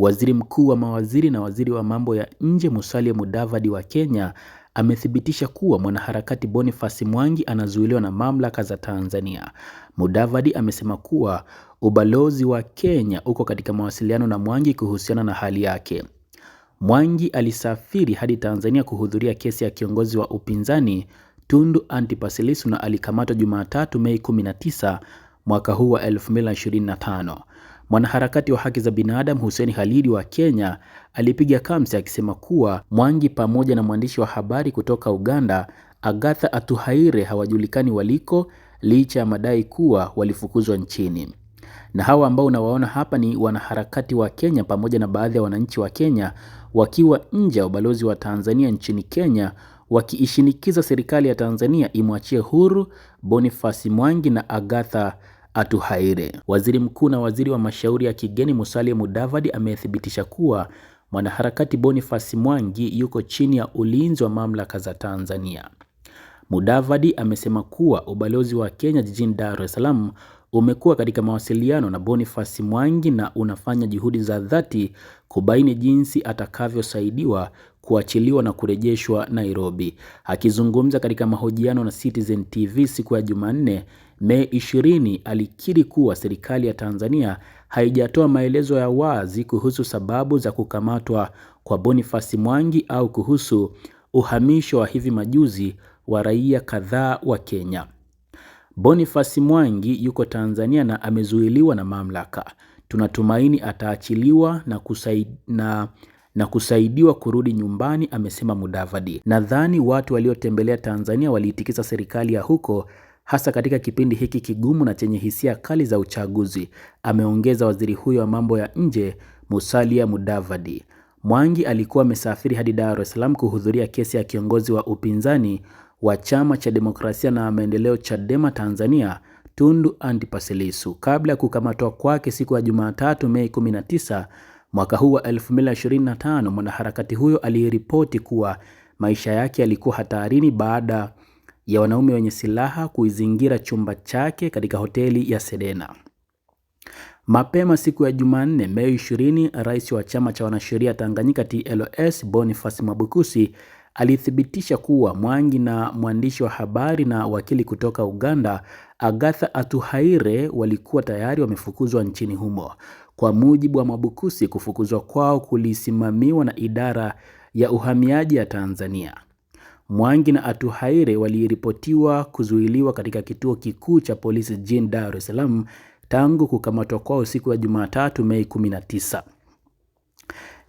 Waziri Mkuu wa mawaziri na waziri wa mambo ya nje Musalia Mudavadi wa Kenya amethibitisha kuwa mwanaharakati Boniface Mwangi anazuiliwa na mamlaka za Tanzania. Mudavadi amesema kuwa ubalozi wa Kenya uko katika mawasiliano na Mwangi kuhusiana na hali yake. Mwangi alisafiri hadi Tanzania kuhudhuria kesi ya kiongozi wa upinzani Tundu Antipas Lissu na alikamatwa Jumatatu Mei 19 mwaka huu wa 2025. Mwanaharakati wa haki za binadamu Hussein halidi wa Kenya alipiga kamsi akisema kuwa Mwangi pamoja na mwandishi wa habari kutoka Uganda Agatha Atuhaire hawajulikani waliko licha ya madai kuwa walifukuzwa nchini. Na hawa ambao unawaona hapa ni wanaharakati wa Kenya pamoja na baadhi ya wananchi wa Kenya wakiwa nje ya ubalozi wa Tanzania nchini Kenya wakiishinikiza serikali ya Tanzania imwachie huru Boniface Mwangi na Agatha Atuhaire. Waziri Mkuu na Waziri wa Mashauri ya Kigeni Musalia Mudavadi amethibitisha kuwa mwanaharakati Boniface Mwangi yuko chini ya ulinzi wa mamlaka za Tanzania. Mudavadi amesema kuwa ubalozi wa Kenya jijini Dar es Salaam umekuwa katika mawasiliano na Boniface Mwangi na unafanya juhudi za dhati kubaini jinsi atakavyosaidiwa kuachiliwa na kurejeshwa Nairobi. Akizungumza katika mahojiano na Citizen TV siku ya Jumanne, Mei 20 alikiri kuwa serikali ya Tanzania haijatoa maelezo ya wazi kuhusu sababu za kukamatwa kwa Boniface Mwangi au kuhusu uhamisho wa hivi majuzi wa raia kadhaa wa Kenya. Boniface Mwangi yuko Tanzania na amezuiliwa na mamlaka. Tunatumaini ataachiliwa na, kusaid, na, na kusaidiwa kurudi nyumbani, amesema Mudavadi. Nadhani watu waliotembelea Tanzania waliitikisa serikali ya huko hasa katika kipindi hiki kigumu na chenye hisia kali za uchaguzi, ameongeza waziri huyo wa mambo ya nje Musalia Mudavadi. Mwangi alikuwa amesafiri hadi Dar es Salaam kuhudhuria kesi ya kiongozi wa upinzani wa Chama cha Demokrasia na Maendeleo Chadema Tanzania Tundu Antipas Lissu kabla ya kukamatwa kwake siku ya Jumatatu Mei 19 mwaka huu wa 2025. Mwanaharakati huyo aliripoti kuwa maisha yake yalikuwa hatarini baada ya wanaume wenye silaha kuizingira chumba chake katika hoteli ya Sedena. Mapema siku ya Jumanne, Mei 20, rais wa chama cha wanasheria Tanganyika TLS Boniface Mwabukusi alithibitisha kuwa Mwangi na mwandishi wa habari na wakili kutoka Uganda Agatha Atuhaire walikuwa tayari wamefukuzwa nchini humo. Kwa mujibu wa Mwabukusi, kufukuzwa kwao kulisimamiwa na idara ya uhamiaji ya Tanzania. Mwangi na Atuhaire waliripotiwa kuzuiliwa katika kituo kikuu cha polisi jijini Dar es Salaam tangu kukamatwa kwao siku ya Jumatatu Mei 19.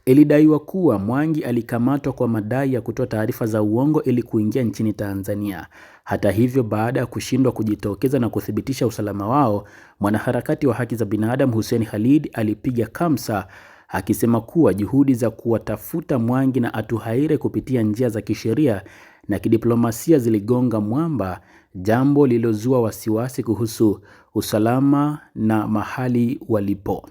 Ilidaiwa kuwa Mwangi alikamatwa kwa madai ya kutoa taarifa za uongo ili kuingia nchini Tanzania. Hata hivyo, baada ya kushindwa kujitokeza na kuthibitisha usalama wao, mwanaharakati wa haki za binadamu Hussein Khalid alipiga kamsa akisema kuwa juhudi za kuwatafuta Mwangi na Atuhaire kupitia njia za kisheria na kidiplomasia ziligonga mwamba, jambo lililozua wasiwasi kuhusu usalama na mahali walipo.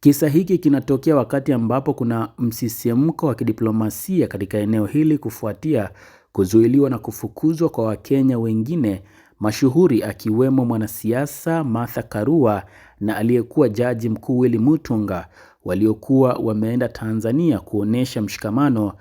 Kisa hiki kinatokea wakati ambapo kuna msisimko wa kidiplomasia katika eneo hili kufuatia kuzuiliwa na kufukuzwa kwa Wakenya wengine mashuhuri akiwemo mwanasiasa Martha Karua na aliyekuwa jaji mkuu Willy Mutunga waliokuwa wameenda Tanzania kuonesha mshikamano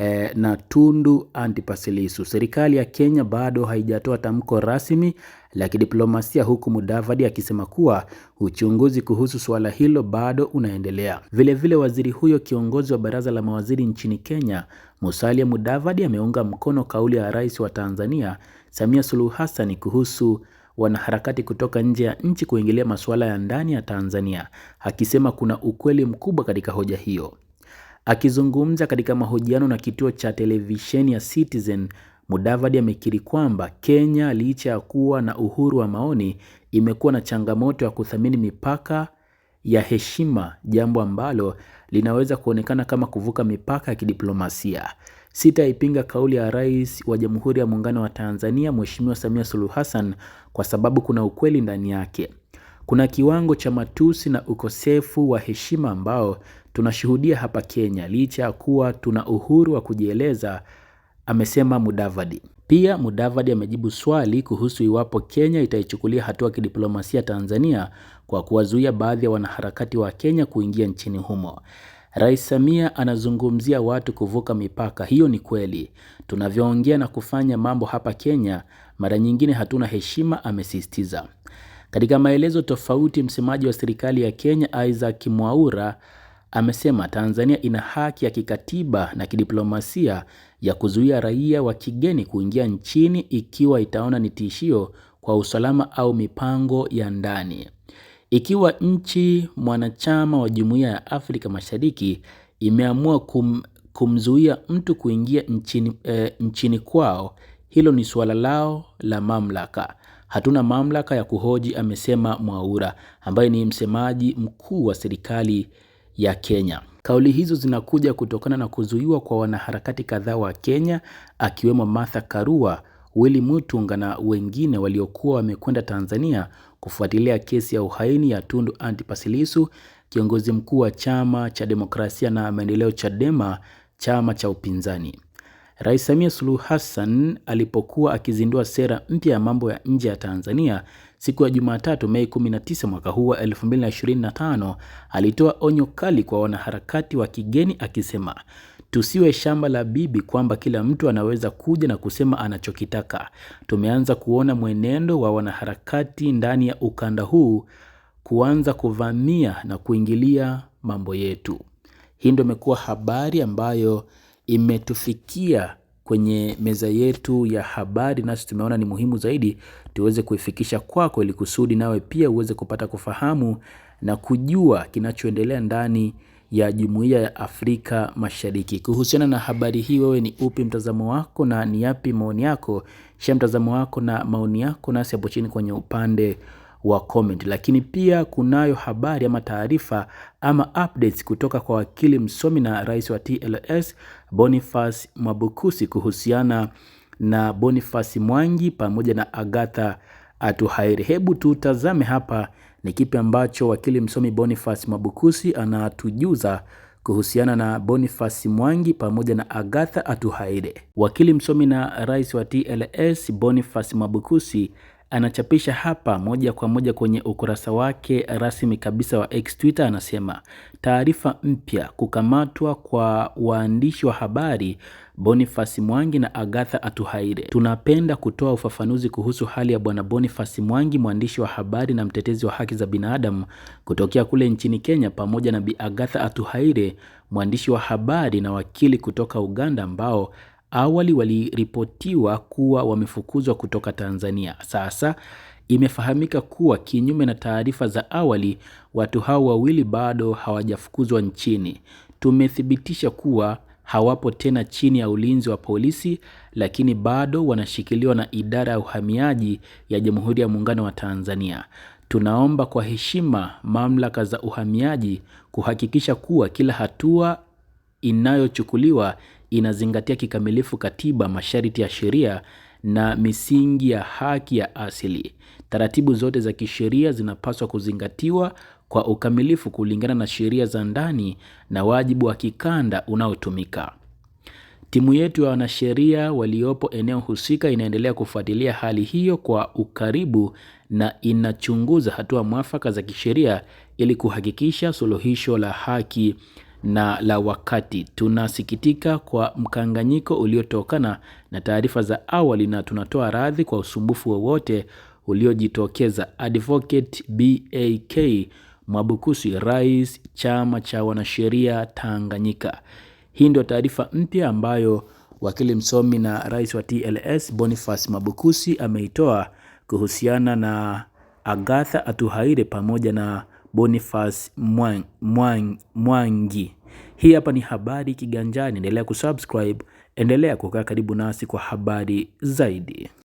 eh, na Tundu Antipas Lissu. Serikali ya Kenya bado haijatoa tamko rasmi la kidiplomasia huku Mudavadi akisema kuwa uchunguzi kuhusu suala hilo bado unaendelea. Vilevile vile waziri huyo kiongozi wa baraza la mawaziri nchini Kenya, Musalia Mudavadi ameunga mkono kauli ya Rais wa Tanzania Samia Suluhu Hassan kuhusu wanaharakati kutoka nje ya nchi kuingilia masuala ya ndani ya Tanzania, akisema kuna ukweli mkubwa katika hoja hiyo. Akizungumza katika mahojiano na kituo cha televisheni ya Citizen, Mudavadi amekiri kwamba Kenya licha ya kuwa na uhuru wa maoni imekuwa na changamoto ya kuthamini mipaka ya heshima, jambo ambalo linaweza kuonekana kama kuvuka mipaka ya kidiplomasia. Sitaipinga kauli ya Rais wa Jamhuri ya Muungano wa Tanzania Mheshimiwa Samia Suluhu Hassan kwa sababu kuna ukweli ndani yake. Kuna kiwango cha matusi na ukosefu wa heshima ambao tunashuhudia hapa Kenya licha ya kuwa tuna uhuru wa kujieleza, amesema Mudavadi. Pia Mudavadi amejibu swali kuhusu iwapo Kenya itaichukulia hatua kidiplomasia Tanzania kwa kuwazuia baadhi ya wanaharakati wa Kenya kuingia nchini humo. Rais Samia anazungumzia watu kuvuka mipaka. Hiyo ni kweli, tunavyoongea na kufanya mambo hapa Kenya mara nyingine hatuna heshima, amesisitiza. Katika maelezo tofauti, msemaji wa serikali ya Kenya Isaac Mwaura amesema Tanzania ina haki ya kikatiba na kidiplomasia ya kuzuia raia wa kigeni kuingia nchini ikiwa itaona ni tishio kwa usalama au mipango ya ndani. Ikiwa nchi mwanachama wa Jumuiya ya Afrika Mashariki imeamua kum, kumzuia mtu kuingia nchini, e, nchini kwao, hilo ni suala lao la mamlaka hatuna mamlaka ya kuhoji, amesema Mwaura ambaye ni msemaji mkuu wa serikali ya Kenya. Kauli hizo zinakuja kutokana na kuzuiwa kwa wanaharakati kadhaa wa Kenya akiwemo Martha Karua, Willy Mutunga na wengine waliokuwa wamekwenda Tanzania kufuatilia kesi ya uhaini ya Tundu Antipas Lissu, kiongozi mkuu wa chama cha demokrasia na maendeleo Chadema, chama cha upinzani. Rais Samia Suluhu Hassan alipokuwa akizindua sera mpya ya mambo ya nje ya Tanzania siku ya Jumatatu Mei 19 mwaka huu wa 2025, alitoa onyo kali kwa wanaharakati wa kigeni akisema, tusiwe shamba la bibi kwamba kila mtu anaweza kuja na kusema anachokitaka. Tumeanza kuona mwenendo wa wanaharakati ndani ya ukanda huu kuanza kuvamia na kuingilia mambo yetu. Hii ndio imekuwa habari ambayo imetufikia kwenye meza yetu ya habari, nasi tumeona ni muhimu zaidi tuweze kuifikisha kwako, ili kusudi nawe pia uweze kupata kufahamu na kujua kinachoendelea ndani ya Jumuiya ya Afrika Mashariki. Kuhusiana na habari hii, wewe ni upi mtazamo wako na ni yapi maoni yako? Shia mtazamo wako na maoni yako nasi hapo chini kwenye upande wa comment, lakini pia kunayo habari ama taarifa ama updates kutoka kwa wakili msomi na rais wa TLS Boniface Mwabukusi kuhusiana na Boniface Mwangi pamoja na Agatha Atuhaire. Hebu tutazame hapa ni kipi ambacho wakili msomi Boniface Mwabukusi anatujuza kuhusiana na Boniface Mwangi pamoja na Agatha Atuhaire. Wakili msomi na rais wa TLS Boniface Mwabukusi anachapisha hapa moja kwa moja kwenye ukurasa wake rasmi kabisa wa X Twitter. Anasema taarifa mpya, kukamatwa kwa waandishi wa habari Boniface Mwangi na Agatha Atuhaire. Tunapenda kutoa ufafanuzi kuhusu hali ya bwana Boniface Mwangi, mwandishi wa habari na mtetezi wa haki za binadamu kutokea kule nchini Kenya, pamoja na Bi Agatha Atuhaire, mwandishi wa habari na wakili kutoka Uganda ambao awali waliripotiwa kuwa wamefukuzwa kutoka Tanzania. Sasa imefahamika kuwa kinyume na taarifa za awali, watu hao wawili bado hawajafukuzwa nchini. Tumethibitisha kuwa hawapo tena chini ya ulinzi wa polisi, lakini bado wanashikiliwa na idara ya uhamiaji ya Jamhuri ya Muungano wa Tanzania. Tunaomba kwa heshima mamlaka za uhamiaji kuhakikisha kuwa kila hatua inayochukuliwa inazingatia kikamilifu katiba, masharti ya sheria na misingi ya haki ya asili. Taratibu zote za kisheria zinapaswa kuzingatiwa kwa ukamilifu kulingana na sheria za ndani na wajibu wa kikanda unaotumika. Timu yetu ya wanasheria waliopo eneo husika inaendelea kufuatilia hali hiyo kwa ukaribu na inachunguza hatua mwafaka za kisheria ili kuhakikisha suluhisho la haki na la wakati. Tunasikitika kwa mkanganyiko uliotokana na taarifa za awali na tunatoa radhi kwa usumbufu wowote uliojitokeza. Advocate BAK Mwabukusi, rais chama cha wanasheria Tanganyika. Hii ndio taarifa mpya ambayo wakili msomi na rais wa TLS Boniface Mwabukusi ameitoa kuhusiana na Agatha Atuhaire pamoja na Boniface Mwangi, Mwangi. Hii hapa ni Habari Kiganjani. Endelea kusubscribe, endelea kukaa karibu nasi kwa habari zaidi.